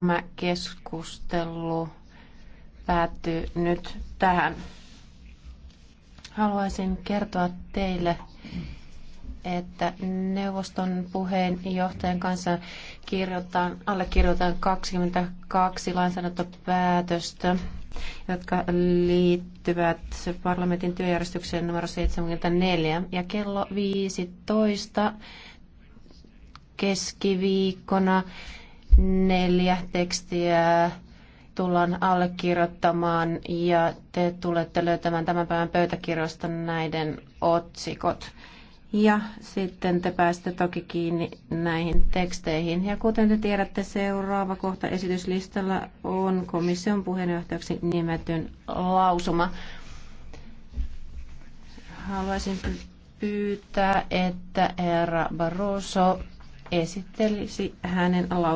Tämä keskustelu päättyy nyt tähän. Haluaisin kertoa teille, että neuvoston puheenjohtajan kanssa kirjoitan, allekirjoitan 22 lainsäädäntöpäätöstä, jotka liittyvät parlamentin työjärjestykseen numero 74. Ja kello 15 keskiviikkona neljä tekstiä tullaan allekirjoittamaan ja te tulette löytämään tämän päivän pöytäkirjasta näiden otsikot. Ja sitten te pääsette toki kiinni näihin teksteihin. Ja kuten te tiedätte, seuraava kohta esityslistalla on komission puheenjohtajaksi nimetyn lausuma. Haluaisin pyytää, että herra Barroso esittelisi hänen lausumansa.